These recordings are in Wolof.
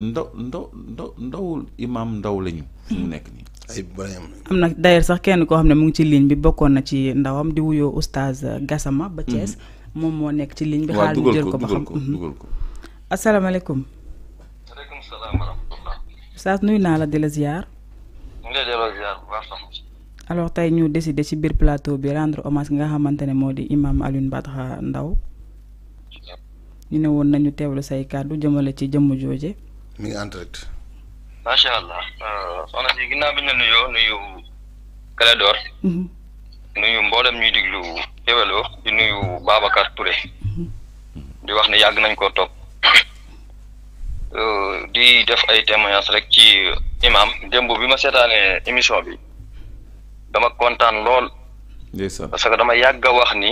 ndaw ndaw ndaw ndawul imaam ndaw lañu. fi mu nekk nii. am na d'ailleurs sax kenn koo xam ne mu ngi ci ligne bi bokkoon na ci ndawam di wuyoo oustaz Gassama ba Thiès. Mhm. moom moo nekk ci ligne bi. xaar ñu jël ko ba xam waaw mhm. dugal ko asalaamaaleykum. maaleykum salaam nuyu naa la di la ziar. ñu ngi lay décidé ci biir plateau bi rendre hommage nga xamante ne moo di imaam Alioune Badara ndaw ñu ne woon nañu teewlu say kàddu jëmale ci jëmm jooje. mi ngi en direct macha allah soxna si ginnaaw bi ñu nuyoo nuyu kala Dor nuyu mbolam ñuy diglu yewelo di nuyu babakar Touré di wax ni yag nañ top euh di def ay témoignage rek ci imam dembu bima ma émission bi dama lol lool parce que dama yag wax ni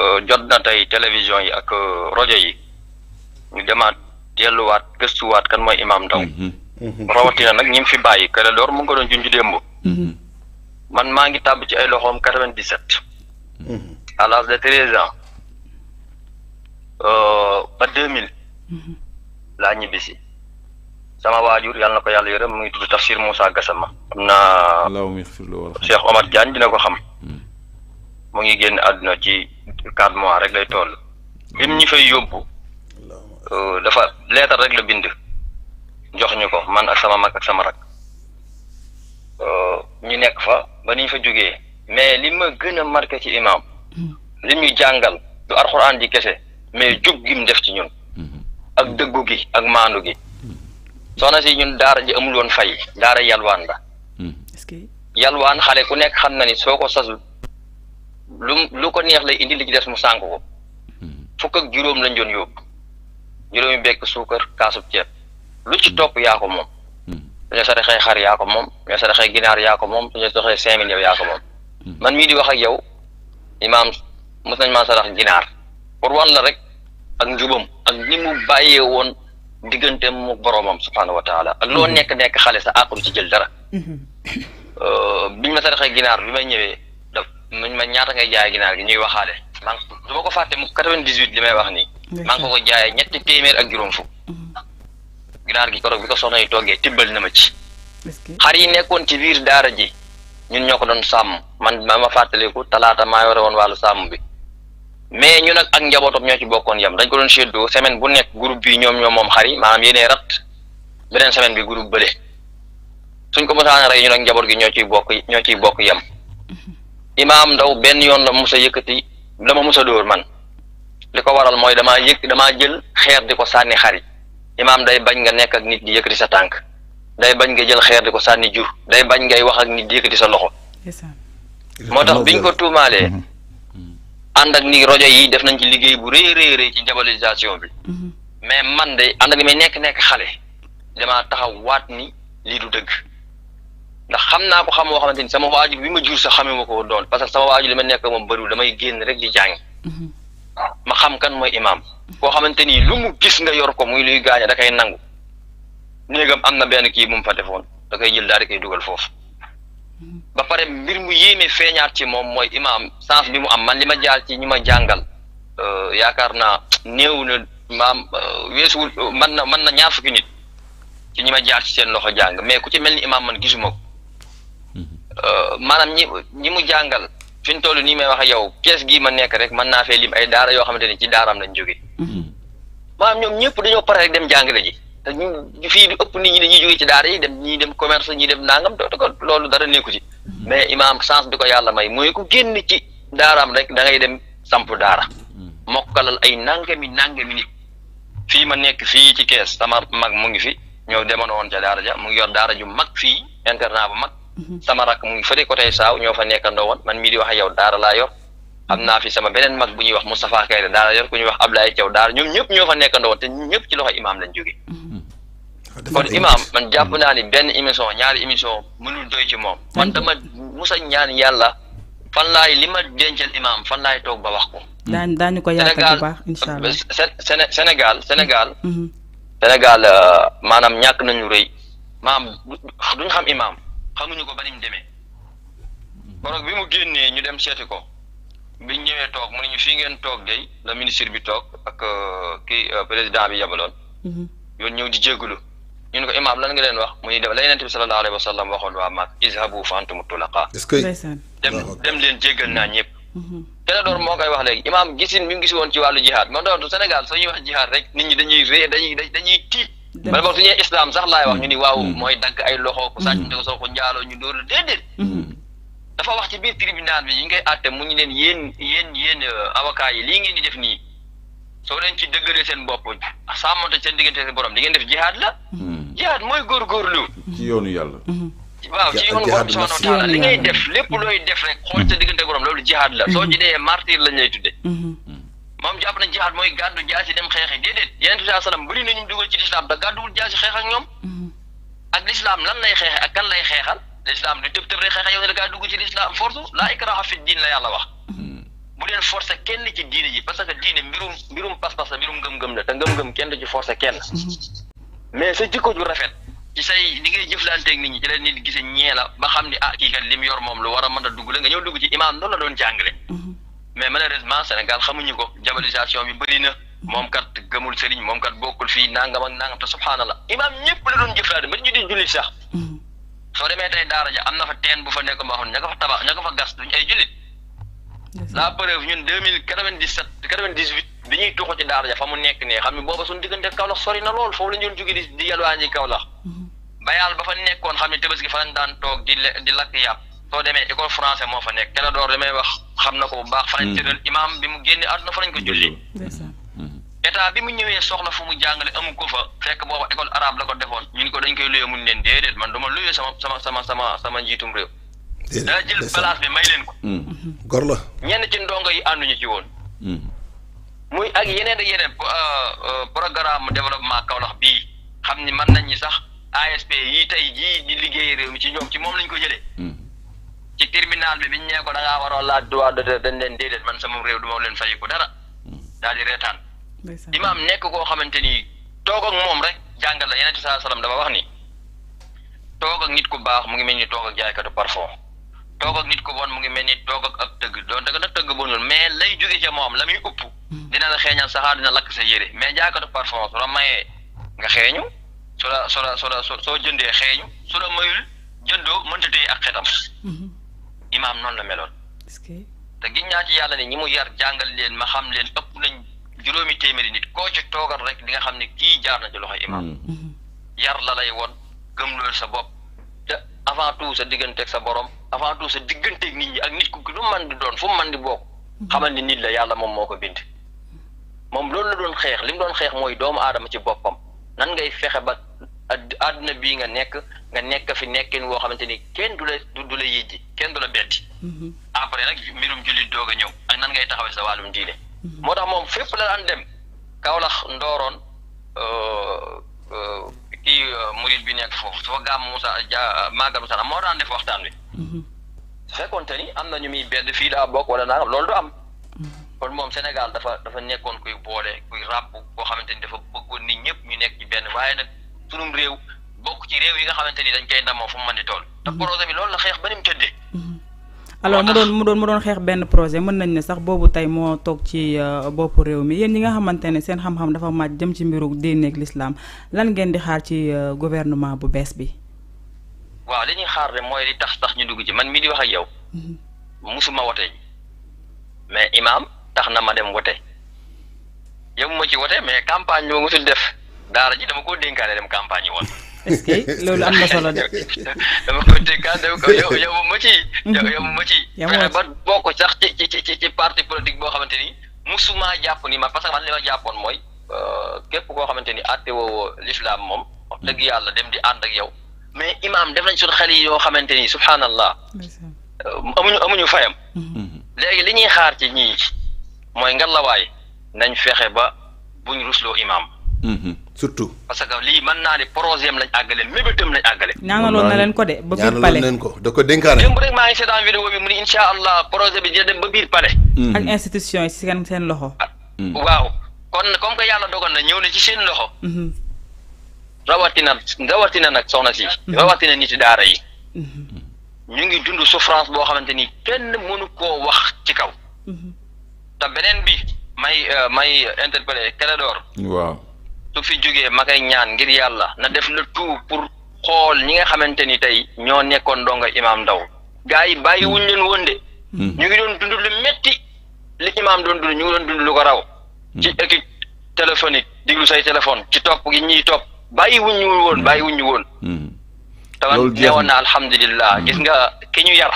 eh, jot na tay télévision yi ak rojo yi ñu demaat ke gëstuwaat mhm. mhm. mhm. eh, kan mooy imam ndaw rawatina nak ñim fi bayyi kala lor mu ngi doon junj dembu man ma ngi tab ci ay loxom 97 à l'âge de 13 ans euh ba 2000 laa ñibbisi sama wajur yalla nako yalla yàlla yërëm mu ngi tudd tafsir Moussa Gassama yaghfir lu naa Cheikh Omar Diagne dina ko xam mu ngi genn aduna ci 4 mois rek lay toll bim ñi fay yobbu Euh, dafa leetar rek la bind jox ñu ko man ak sama mag ak sama rak euh, ñu nekk fa ba niñ fa jógee mais li ma gën a marqué ci imam hmm. li ñu jàngal du alxuraan di kese mais jub gi mu def ci ñun hmm. ak dëggu gi ak maandu gi hmm. soxna si ñun daara ji amul woon fay daara yalwaan la yalwaan xale ku nekk xam na ni soo ko sasul lu lu ko neex lay indi li ci des mu sànk ko fukk ak juróom lañ doon yóbbu juróomi bekk suukar kaasub ceeb lu ci topp yaa ko moom suñu hmm. saraxee xar ko moom suñu saraxee ginaar yaa ko moom suñu saraxee cinq mille yow yaa hmm. man mii di wax ak yow imaam mos nañ maa sarax ginaar pour wan la rek ak njubam ak ni mu bàyyee woon diggante mu boroomam subhaanahu wa taala ak loo hmm. nekk nekk xale sa àqu ci jël dara euh, biñ ma saraxee ginaar bi may ñëwee daf muñ ma ñaata ngay jaay ginaar gi ñuy waxaale man du ma ko fàtte mu quatre-vingt-dix-huit li may wax nii maa ngi ko ko ñetti téeméer ak juróom fukk mm-hmm. ginaar gi koroog bi ko soxna yi toggee tibbal na ma ci xar yi nekkoon ci biir daara ji ñun ñoo ko doon sàmm man ma fàttaliku talaata maa yore woon wàllu sàmm bi mais ñun ak ak njabootam ñoo ci bokkoon yam dañ ko doon séddoo semaine bu nekk groupe bi ñoom ñoom moom xar yi maanaam yéenee rat beneen semaine bi groupe bële ko mosaan rey ñun ak njaboot gi ñoo ciy bokk ñoo ciy bokk yam mm-hmm. imaam ndaw benn yoon la mos a la ma mos a dóor man li ko waral mooy damaa yëg damaa jël xeer di ko sànni xar yi imaam day bañ nga nekk ak nit di yëkkati sa tànk day bañ nga jël xeer di ko sànni jur day bañ ngay wax ak nit di yëkkati sa loxo. moo tax biñ ko tuumaalee. Mm-hmm. ànd ak ni rajo yi def nañ ci liggéey bu rëy rëy ci jabalisation bi. Mm-hmm. mais man de ànd ak ni may nekk nekk xale damaa taxaw waat ni lii du dëgg. ndax xam naa ko xam moo xamante ni sama waajur bi ma jur sa xamee ko doon parce que sama waajur li ma nekk moom bëriwul damay génn rek di jàngi. Mm-hmm. ma xam kan mooy imaam koo xamante ni lu mu gis nga yor ko muy luy gaañe da koy nangu néegam am na benn kii bu fa defoon da koy jël daal di dugal foofu ba pare mbir mu yéeme feeñaat ci moom mooy imaam sens bi mu am man li ma jaar ci ñi ma jàngal euh, yaakaar naa néew na maam euh, weesuwul mën na mën na ñaar ci ñi ma jaar ci seen loxo jàng mais ku ci mel ni imaam man gisuma ko mm-hmm. euh, maanaam ñi ñi mu jàngal fi ñu toll nii may wax yow kees gii ma nekk rek mën naa fee lim ay daara yoo xamante ne ci daaraam lañ jógee. Mm-hmm. maanaam ñoom ñëpp dañoo pare rek dem jàngale ji te ñu fii ëpp nit ñi dañuy jógee ci daara yi dem ñii dem commerce ñii dem nangam te ko loolu dara nekku ci. Mm-hmm. mais imaam chance bi ko yàlla may mooy ku génn ci daaraam rek da ngay dem samp daara. Mm-hmm. mokkalal ay nangami nangami nit fii ma nekk fii ci kees sama mag mu ngi fi ñoo demoon woon ca daara ja mu ngi yor daara ju mag fii internat bu mag. Mhm. sama rakk mu ngi fële côté saaw ñoo fa nekkandoo woon man mii di wax ak yow daara laa yor am mhm. naa fi sama beneen mag bu ñuy wax Moustapha Kayre daara yor ku ñuy wax Ablaye Thiaw daara ñoom ñëpp ñoo fa nekkandoo woon te ñëpp ci loxo imaam lañ jógee mhm. Ah, kon imaam man jàpp naa ni benn émission ñaari émission mënul doy ci moom man dama musa ñaan yàlla fan laay li ma dencal fan laay toog ba wax ko daan daañu ko yaatal bu baax incha allah Sénégal Sénégal Sénégal euh, maanaam ñàkk nañu rëy maam duñ xam imaam xamuñu ko ba niñ demee koroog bi mu génnee ñu dem seeti ko biñ ñëwee toog mu ne ñu fii ngeen toog day la ministre bi toog ak euh, kii euh, président bi yabaloon mhm. yoon ñëw di jéggulu ñu ne ko imaam lan nga leen wax mu ñuy def la yonent bi sallallahu waxoon waa maag izhabu fa antumu dem dem leen jéggal naa ñëpp mhm. kene door moo koy wax léegi imaam gisin mi ngi woon ci wàllu jihaad man doon Sénégal soo ñuy wax jihaad rek nit ñi dañuy rée dañuy dañuy tiit bala boog su ñee islam sax laay wax mm. ñu ni waaw mm. mooy dagg ay loxo ku sàcc mm. ndew soo ko njaaloo ñu dóor la déedéet dafa wax ci biir tribunal bi ñu ngay àtte mu ñu leen yéen yéen yéen euh, avocat yi lii ngeen di def nii soo leen ci dëggalee seen a sàmmante seen diggante seen borom di ngeen def jihaad la jihaad mooy góorgóorlu ci yoonu yàlla mm-hmm. waaw ci yoonu borom subhanahu wa li ngay def lépp looy def rek xool mm-hmm. sa diggante borom loolu jihaad la soo ci mm-hmm. dee martyr lañ lay tudde moom jàpp nañ jihaad mooy gàddu jaasi dem xeexi déedéet yeneen bi sallallahu alayhi wasallam bëri na ñu dugal ci lislaam te gàdduwul jaasi xeex mm-hmm. lislaam lan lay xeexe ak kan lay xeexal lislaam du tëb tëb rek xeexa yow ne la gaa fi diin la yàlla wax mm-hmm. bu leen forcer kenn ci diine ji parce que diine mbirum mbirum pas-pas la mbirum ngëm-ngëm la te ngëm-ngëm kenn ci forcer kenn mm-hmm. mais sa jikko ju rafet ci say li ngay jëflanteeg nit ñi ci nit gise ñee la ba xam ni ah kii kat lim moom lu war a mën a dugg la nga ñëw dugg ci imaam loolu la doon jàngale mais malheureusement Sénégal xamuñu ko diabolisation bi bëri na moom kat gëmul sëriñ moom kat bokkul fii nangam ak nangam te subhanallah imaam ñëpp la doon jëflaa ba ñu jullit sax mm-hmm. soo demee tey daara am na fa teen bu fa nekk moo xam ne ña ko fa tabax ña ko fa gas duñu ay jullit la preuve fa mu nekk ne xam ne booba suñu diggante Kaolack sori na lool foofu la ñu doon di di yalwaa mm-hmm. bayaal ba fa nekkoon xam ne tëbës gi fa lañ daan toog di lakk yàpp soo demee école france moo fa nekk Clédor damay wax xam na ko bu baax. fa lañ mm-hmm. bi mu génne àdduna fa lañ ko julli. Mm-hmm. état bi mu ñëwee soxla fu mu jàngale amu ko fa fekk booba école arabe la ko defoon ñu ni ko dañ koy luyee mun leen déedéet man duma luyee sama sama sama sama sama njiitum réew daa jël place bi may leen ko mm-hmm. gor la ñenn ci ndongo yi ànduñu ci woon muy ak yeneen ak yeneen euh, euh, programme développement Kaolack bii xam ni man nañ ñi sax ASP yi tey jii di liggéey réew mi ci ñoom ci moom lañ ko jëlee ci terminal bi biñ ñee ko da ngaa waroo laaj droit d'auteur leen déedéet man sama réew du ma leen fayiku dara daal di reetaan imaam nekk koo xamante ni toog ak moom rek jàngal la yeneen saa dafa wax ni toog ak ku baax mu ngi mel ni toog ak jaaykatu parfum toog ak nit ku bon mu ngi mel ni toog ak ab tëgg doon dëgg nag tëgg bonul mais lay jóge ca moom la muy upp hmm. dina la xeeñal saxaar dina lakk sa yére mais jaaykatu parfum su la mayee nga xeeñu su la su la su soo jëndee xeeñu su la mayul jëndoo mënta téye ak xetam hmm. imaam noonu la meloon. te gis naa ci yàlla ne ñi mu yar jàngal leen ma xam leen ëpp nañ juróomi téeméeri nit koo ci toogal rek di nga xam ne kii jaar na loxo imaam. Mm. Mhm. yar la lay woon gëm loolu sa bopp te avant tout sa digganteeg sa borom avant tout sa digganteeg nit ñi ak nit ku lu man di doon fu mu man di bokk. Mhm. xamal ni nit la yàlla moom moo ko bind. moom loolu la doon xeex li mu doon xeex mooy doomu aadama ci boppam nan ngay fexe ba àdduna bii nga nekk nga nekk fi nekkin woo xamante ni kenn du la du la yijji kenn du la betti. Mhm. après nag mbirum jullit doog a ñëw a nan ngay taxawee sa wàllum diine. Mhm. moo tax moom fépp la daan dem Kaolack euh, euh, kii euh, murid bi nekk foofu su fa gàmm Moussa ja moo daan def waxtaan wi. Mhm. ni am na ñu muy benn fii laa bokk wala naa lool du am. kon moom Sénégal dafa dafa nekkoon kuy boole kuy ràpp koo xamante ni dafa bëggoon nit ñëpp ñu nekk ci benn waaye nag sunum réew. bokk ci réew yi nga xamante ni dañ koy ndamoo fu mu mën di toll. te mhm. projet bi loolu la xeex ba ni mu tëddee. Mhm. alors mu doon mu doon mu doon xeex benn projet mën nañ ne sax boobu tey moo toog ci euh, bopp réew mi yéen ñi nga xamante ne seen xam dafa màcc jëm ci mbiru diine ak lislaam lan ngeen di xaar ci euh, gouvernement bu bees bi. waaw li ñuy xaar de mooy li tax tax ñu dugg ci man mii di wax ak yow. Mhm. musuma wote mais imaam tax na ma dem wote yow ma ci wote mais campagne bi ma musul def daara ji dama koo dénkaale dem campagne yi woon. est-ce que loolu am na solo de. dama koy déggal ko yow yow ma ci. yow ma ci. yow ba bokk sax ci ci ci parti politique boo xamante ni musuma jàpp ni ma parce que man li ma jàppoon mooy képp eh, koo xamante ni àtte woo l'islam moom. wax mm. dëgg yàlla dem di ànd ak yow. mais imaam def nañ suñu xel yi yoo xamante ni subhanallah. amuñu eh, amuñu fayam. léegi li ñuy xaar ci ñii mooy waay nañ fexe ba buñ rusloo imaam. Mm-hmm. surtout. parce que lii mën naa ne projet am lañ àggale mébétam lañ àggale. ñaanaloon na leen ko de ba biir palais ñaanaloon leen ko da ko dénkaane. démb rek maa ngi seetaan vidéo bi mu ni incha allah projet bi dina dem ba biir palais. Mm-hmm. ak institution yi si seen seen loxo. Ah, waaw kon comme que yàlla dogal na ñëw na ci seen loxo. Mm-hmm. rawatina rawatina nit daara yi. ñu ngi dund souffrance boo xamante ni kenn mënu koo wax ci kaw. te beneen bi may euh, may interpellé Clédor. waaw. su fi jógee ma koy ñaan ngir yàlla na def le tout pour xool ñi nga xamante ni tey ñoo nekkoon donga imaam ndaw gaa yi bàyyiwuñ leen woon de hmm. Hmm. ñu ngi doon dund lu métti li imaam doon dund ñu doon dund lu ko raw hmm. ci équipe téléphonique diglu say téléphone ci topp gi ñuy topp bàyyiwuñ ñu woon bàyyiwuñ ñu woon tawan newoon na alhamdulillah gis nga ki ñu yar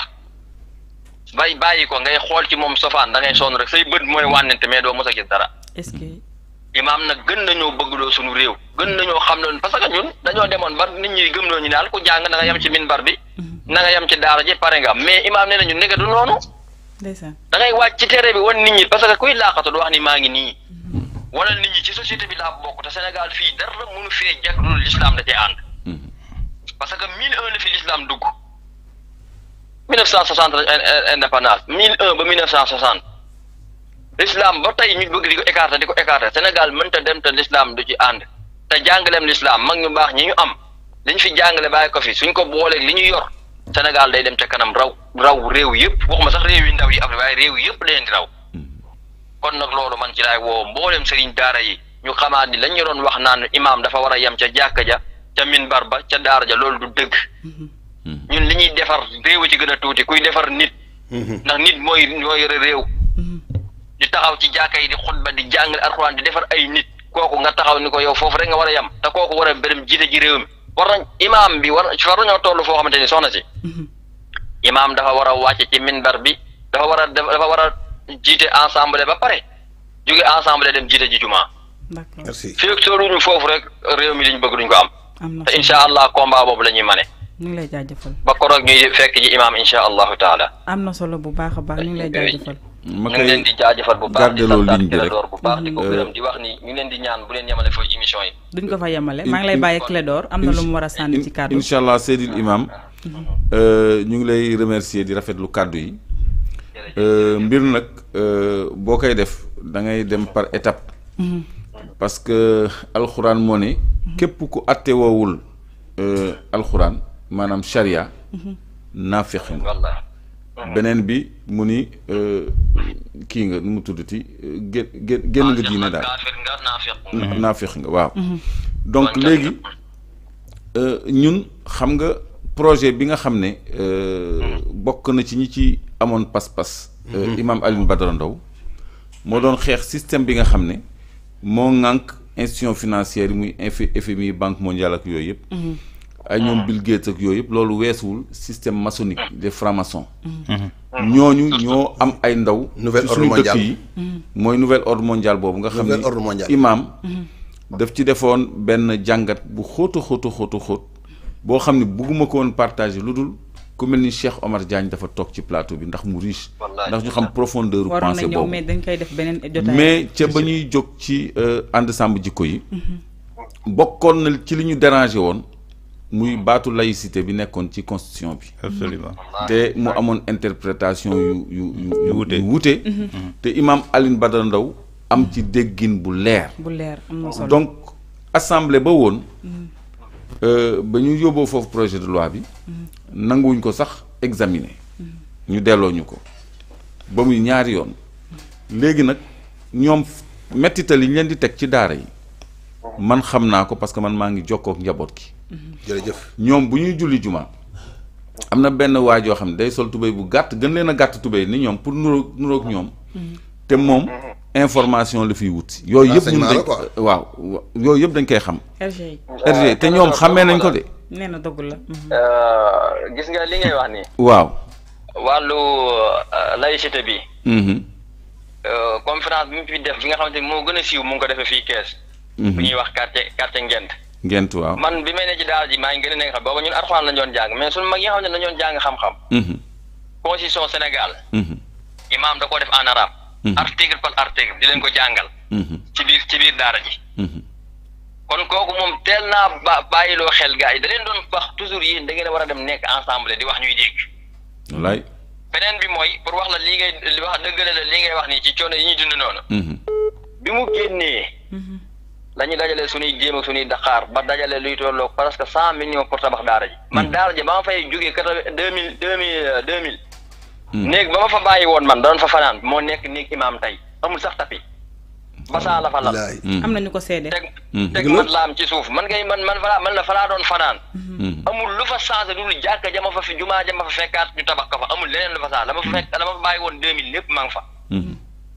bay bàyyi ko ngay xool ci moom sofaan da ngay rek say bët mooy wànnente mais doo mos a gis dara imam nag gën nañu bëgg do suñu réew gën nañu xam loolu parce que ñun dañu démon ba nit ñi gëm ñu daal ku jang na nga yam ci minbar bi mhm. na nga yam ci daara ji paré nga mais imam néna nañu nekk du nonu ndaysan da ngay wacc ci téré bi won nit ñi parce que kuy laqatu do wax ni maangi ni mhm. wala nit ñi ci société bi la bokku te Sénégal fi dara mënu fi jàkk lu l'islam da ci and mhm. parce que 1001 un la fi l'islam dugg 1960 euh, euh, indépendance 1001 ba 1960 l'islam ba tey ñu bëgg di ko écarter di ko écarter Sénégal mënta dem te l'islam du ci ànd te jàngaleem l'islam mag ñu baax ñi ñu am liñ fi jàngale bàyyi ko fi suñ ko booleeg li ñu yor Sénégal day dem ca kanam raw raw réew yëpp ma sax réew yi ndaw yi Afrique waaye réew yëpp leen di raw mm-hmm. kon nag loolu man ci laay woo mboolem sëriñ daara yi ñu xamaa ni lañ ñu wax naa naan imaam dafa war a yem ca jàkka ja ca minbar ba ca daara ja loolu du dëgg mm-hmm. ñun li ñuy defar réew ci gën a tuuti kuy defar nit mm-hmm. ndax nit mooy mooy réew di taxaw ci jaaka di khutba di jàngal alquran di defar ay nit koku nga taxaw ni ko yow fofu rek nga wara yam ta koku wara berem jite ji rewum war nañ imaam bi war ci faru ñoo tollu fo xamanteni soxna ci mhm. imam dafa wara wacc ci minbar bi dafa wara dafa wara jite ensemble ba pare jóge ensemble dem jite ji juma merci féeg ñu fofu rek rew mi liñ bëgg duñ ko am ta inshallah allah combat bobu lañuy mané ñu lay jaajëfal ba rek ñuy fekk ji imam inshallah taala amna solo bu baaxa baax ñu lay jaajëfal ma koy ñu ngi leen di jaajëfal bu baax di sant Clédor bu baax di ko mm-hmm. gërëm di wax ni ñu leen di ñaan bu leen yemale fooy émission yi. duñ ko fa yemale maa ngi lay bàyyi Clédor am na lu mu war a sànni ci kàddu. incha Seydil Imam mm-hmm. euh, ñu ngi lay remercier di rafetlu kàddu yi. Euh, mbir nag euh, boo koy def dangay dem par étape. Mm-hmm. parce que alxuraan moo ne. képp ku àtte alxuraan maanaam charia. naafiq nga. benen bi mu ni euh, kii nga nu mu tuddati euh, gé génn nga diine daal naa nga waaw mhm. donc léegi euh, ñun xam nga projet bi nga xam ne mhm. bokk na ci ñi ci amoon pas-pas mhm. imam Alioune Badara Ndao moo doon xeex système bi nga xam ne moo ŋànk institution financière yi muy FMI banque mondiale ak yooyu yëpp ay ñoom ah. Bill Gates ak yooyu loolu weesuwul système maçonnique mm. des francs-maçons mm-hmm. ah. ñooñu ñoo am ay ndaw nouvelle ordre mondial yi mm. mooy nouvelle ordre mondial boobu nga xam ne imaam mm-hmm. daf ci defoon benn jàngat bu xóota xóota xóota xóot boo xam ne bugguma ko woon partager lu dul ku mel ni Cheikh Omar Diagne dafa toog ci plateau bi ndax mu riche ndax ñu xam profondeur pensée boobu mais dañ koy def beneen jotaay mais ca ba ñuy jóg ci euh, ànd sàmm jikko yi mm-hmm. bokkoon na ci li ñu dérangé woon muy baatu laïcité bi nekkoon ci constitution bi. absolument té mu amone interprétation yu yu yu yu wuute. té mhm. imam aline Badara Ndao am ci déggin bu lèr bu lèr am donc assemblée ba won mhm. euh ba ñu yóbboo fofu projet de loi bi. Mhm. nanguwuñ ko sax examiner. ñu delloo ñu ko. ba muy ñaar yoon. légui nak ñom metti tali ñen di tek ci daara yi. man xamna ko parce que man ma ngi jokkoo ak njaboot gi. jërëjëf ñoom bu ñuy julli juma. am na benn waay joo xam ne day sol tubéy bu gàtt gën leen gàtt tubéy ni ñoom pour nuroog nuroog ñoom. te moom information la fiy wut. yooyu yëpp ñun dañ waaw yooyu yëpp dañ koy xam. RG RG te ah, ñoom xamee nañ ko de. nee na dëgg la. Mhm. Euh, gis nga li ngay wax nii. waaw. wàllu euh, laïcité bi. Mhm. Euh, conférence bi mu fi def bi nga xam ni moo gën a siiw mu ngi ko defee fii kees. Mhm. bu ñuy wax quartier quartier Ngent. ngent waaw man bi may ne ci daara ji maa ngi gën a nekk xam booba ñun arxuwaan lañu doon jàng mais suñu mag yi nga xam jàng xam-xam mhm. constitution Sénégal mhm. imaam da koo def en arabe mhm. article par article di leen ko jàngal ci biir ci biir daara ji kon kooku moom teel naa ba bàyyiloo xel gars yi da leen doon wax toujours yi da ngeen a war a dem nekk ensemble di wax ñuy dégg wallaay beneen bi mooy pour wax la lii ngay wax dëgg la li ngay wax nii ci coono yi ñuy dund noonu bi mu génnee dañuy dajale suñuy jéema ak suñuy daqaar ba dajale luy tolloog presque cent millions pour tabax daara ji. Hmm. man daara ji ba ma fay jógee quatre deux mille deux mille euh, deux mille. Hmm. ba ma fa bàyyi woon man doon fa fanaan moo nekk néeg imaam tey amul sax tapi basaa la fa lal. Hmm. am na ñu ko seede. teg teg man laam ci suuf man ngay man man fa man la fa doon fanaan. amul lu fa changé lu dul jàkka fa fi jumaa ja fa fekkaat ñu tabax ko fa amul leneen lu fa changé la ma fa fekk bàyyi woon deux mille lépp maa fa.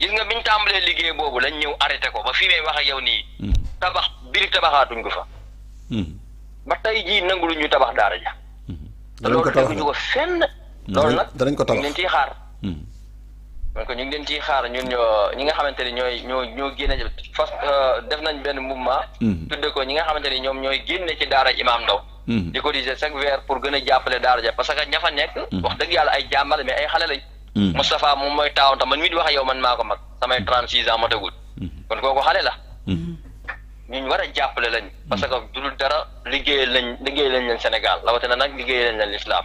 gis nga biñ tambalé liggéey bobu lañ ñew arrêté ko ba fi may wax ak yow ni hmm. tabax bir tabaxatuñ ko fa hmm ba tay ji nangulu ñu tabax dara ja hmm loolu teguñu ko fenn hmm. loolu nag danañ ko tabax ñu ciy xaar man hmm. ko ñu ngi ci xaar ñun ñoo ñi nga xamanteni ñoy ñooy ñoo ñoo génne fast euh, def nañ ben mouvement tudde ko ñi nga xamanteni ñom ñoy ñooy ci daara imam ndaw diko ko disé chaque weer pour gëna jappalé jàppale daara ja parce que ñafa nek wax deug yalla ay jàmmal mais ay xalé lañ Moustapha mm-hmm. moom mooy taaw tam man mii di wax yow man maa ko mag samay trente six ans matagul mm-hmm. kon kooku xale la mm-hmm. ñu war a jàppale lañ parce que du dara liggéey lañ liggéey lañ leen Sénégal rawatina nag liggéey lañ leen lislaam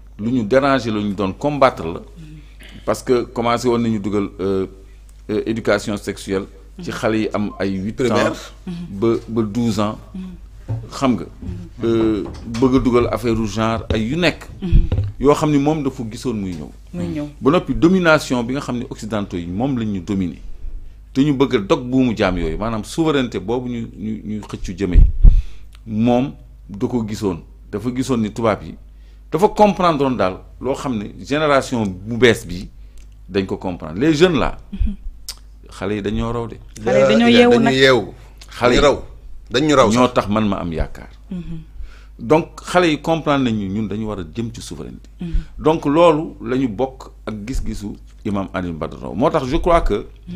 lu ñu déranger la ñu doon combattre la parce que commencé woon nañu euh, euh, éducation sexuelle ci xale yi am ay huit ans ba ba douze ans xam nga euh, bëgg a dugal affaire genre ay yu nekk yoo xam ni moom dafa gisoon muy ñëw muy ñëw domination bi nga xam occidentaux mom moom lañ ñu dominer te ñu bëgg a dog buumu jaam yooyu maanaam souveraineté boobu ñu ñu ñu xëccu jëmee moom da ko gisoon dafa gisoon ni tubaab faut comprendre génération bu bi dañ comprendre les jeunes là yi raw de. xalé yewu nak yewu raw ñoo ma am mhm. donc xalé yi comprendre ñun dañu jëm souveraineté. Mhm. donc lolu lañu bok ak imam ali Badara motax je crois que. Mhm.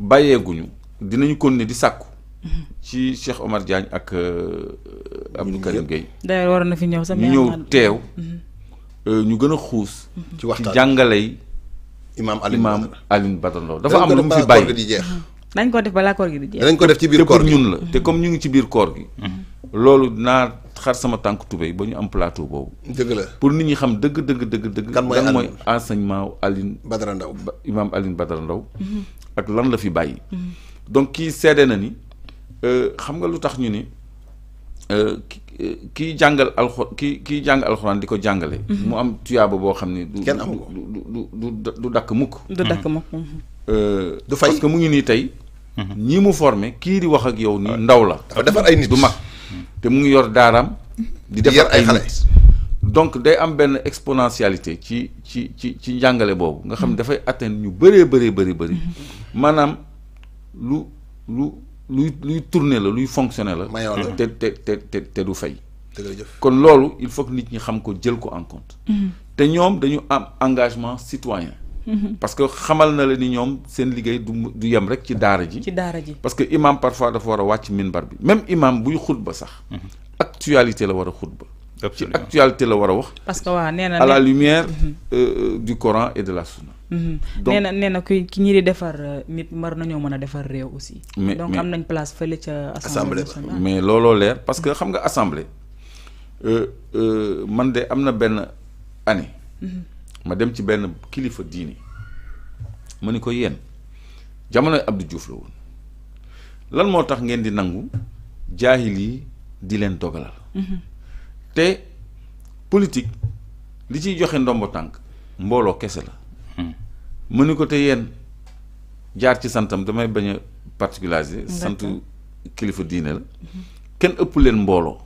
bàyyeeguñu dinañu continuer di ci Cheikh Omar Diagne ak euh, Abdou Karim Gueye. d'ailleurs waroon na fi ñëw sax ñu ñëw teew. Mhm. Euh, ñu gën a xuus. Mhm. ci waxtaan ci jàngalay. imaam Alioune Badara Ndao dafa am lu mu fi bàyyi mhm. dañ ko def balaa koor gi di jeex. ko def ci biir koor gi la te comme ñu ngi ci biir koor loolu naa xar sama tànk tubéy ba ñu am plateau boobu. dëgg la pour nit ñi xam dëgg dëgg dëgg dëgg. kan mooy enseignement Alioune Badara Ndao imaam Alioune Badara fi bàyyi. donc kii seede na ni. Euh, xam nga lu tax ñu ni euh, kiy jàngal alxo ki kiy jàng alxuraan di ko jàngale. Mhm. mu am tuyaaba boo xam ni. du du du du dakk mukk. du dakk mhm. mukk. Mhm. Euh, du fay parce que mu ngi nii tey. ñii mu formé kii di wax ak yow nii ndaw la. dafa defar ay nit du mag. te mu ngi yor daaraam. di defar ay xale donc day am benn exponentialité ci ci ci ci njàngale boobu nga xam dafay atteindre ñu bëree bëree bëri bëri maanaam lu lu. luy luy tourner la luy fonctionner la. te te te te te du fay. kon lolu il faut que nit ñi xam ko jël ko en compte. Mm-hmm. té ñom dañu am engagement citoyen. Mm-hmm. parce que xamal na la ni ñom seen liguey du du yam rek ci daara ji. ci daara ji parce que imam parfois dafa war a wàcc minbar bi même imam buy khutba sax. Mm-hmm. actualité la wara khutba ci actualité la wara wax. parce que wa nee à la lumière mhm. euh, euh, du Coran et de la Sunna. Mhm. donc nee na nee na ki ñi di défar euh, nit mar nañoo mëna défar defar réew aussi. mais donc am nañ place fële ci assemblée mais lolo lèr parce que xam nga assemblée euh euh man de am na benn -hmm. ma dem ci ben kilifa diini ma yeen jamono Abdou Diouf la woon lan moo tax ngeen di nangu jahili yi di leen dogalal. Mhm. te politique li ciy joxe ndombo tànk mbooloo kese la mu hmm. ne ko te yéen jaar ci santam damay bañ a particulariser sant kilifa diine la kenn ëpp leen mbooloo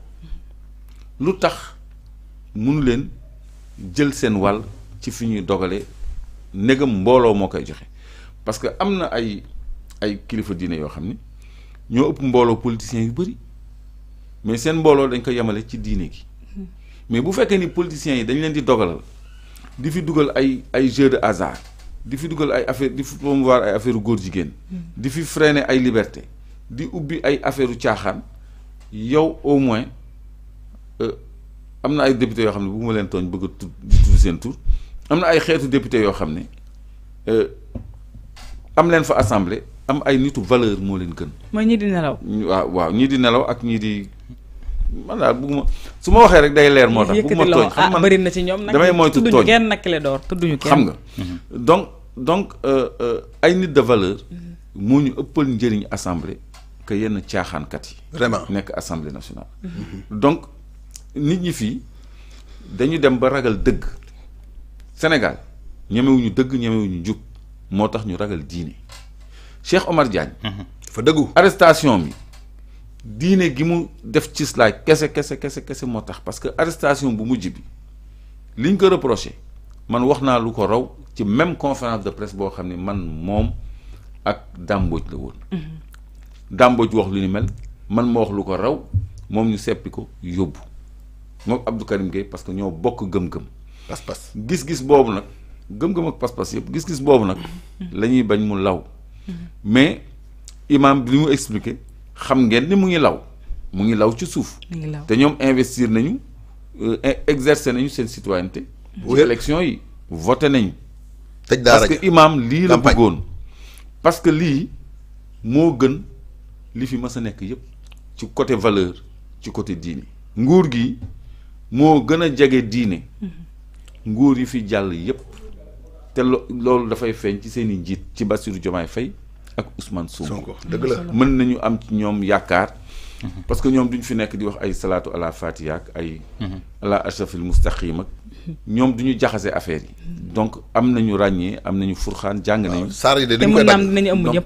lu tax mënu leen jël seen wàll ci fi ñuy dogale négam mbooloo moo koy joxe parce que am na ay ay kilifa diine yoo xam ne ñoo ëpp mbooloo politiciens yu bëri mais seen mbooloo dañ ko yemale ci diine gi mais bu fekkee ni politiciens yi dañ leen di di fi ay ay jeux de hasard di fi dugal ay affaire di fi promouvoir ay affaire góor jigéen di fi freiner ay liberté di ay yow au moins euh, am na ay député yoo xam ne bu ma leen tooñ bëgg a seen tur am ay député yoo xam ne euh, am leen fa assemblée am ay nitu valeur moo leen gën. mooy ñi di nelaw. waaw waaw di nelaw man daal bëgguma su ma waxee rek day leer moo tax bëgguma tooñ xam man ah, ci ñoom nag damay moytu tooñ tudduñu kenn nakkile door tudduñu kenn xam nga donc donc euh, euh, ay nit de valeur moo ñu ëppal njëriñ assemblée que yenn caaxaankat yi vraiment nekk assemblée nationale donc nit ñi fii dañu dem ba ragal dëgg Sénégal ñemewuñu dëgg ñemewuñu njub moo tax ñu ragal diine Cheikh Omar Diagne fa dëggu arrestation bi diine gi mu def ci qu'est ce qu'est ce qu'est ce tax parce que arrestation bu mujj bi liñ ko reproché man waxna lu ko raw ci même conférence de presse pour xamni man mom ak dàmbooj la woon mhm. dàmbooj wax lu ni mel man mo wax lu ko raw mom ñu seppi ko yobbu Abdou Karim gay parce que ñoo bokk gëm-gëm pas-pas gis-gis bobu nak gëm-gëm ak pas-pas yëpp gis-gis bobu nak mhm. lañuy bañ mu law mhm. mais imam bi expliqué xam ngeen ni mu ngi law mu ngi law ci suuf te ñoom investir nañu euh, exercer nañu seen citoyenneté ci élection yi voté nañu parce que imam lii la bëggoon parce que lii moo gën li fi mas a nekk yépp ci côté valeur ci côté diine nguur gi moo gën a jege diine mm-hmm. nguur yi fi jàll yépp te loolu dafay feeñ ci seen i njiit ci Bassirou Diomaye Faye ak Ousmane Sonko dëgg la mën nañu am ci ñoom yaakaar parce que ñoom duñ fi nekk di wax ay salaatu ala fatiha ak ay mhm. ala ashrafil mustaqim ak ñoom du ñu jaxase affaire yi mhm. donc am nañu ràññee am nañu furxaan jàng nañu saar yi de dañ koy dagg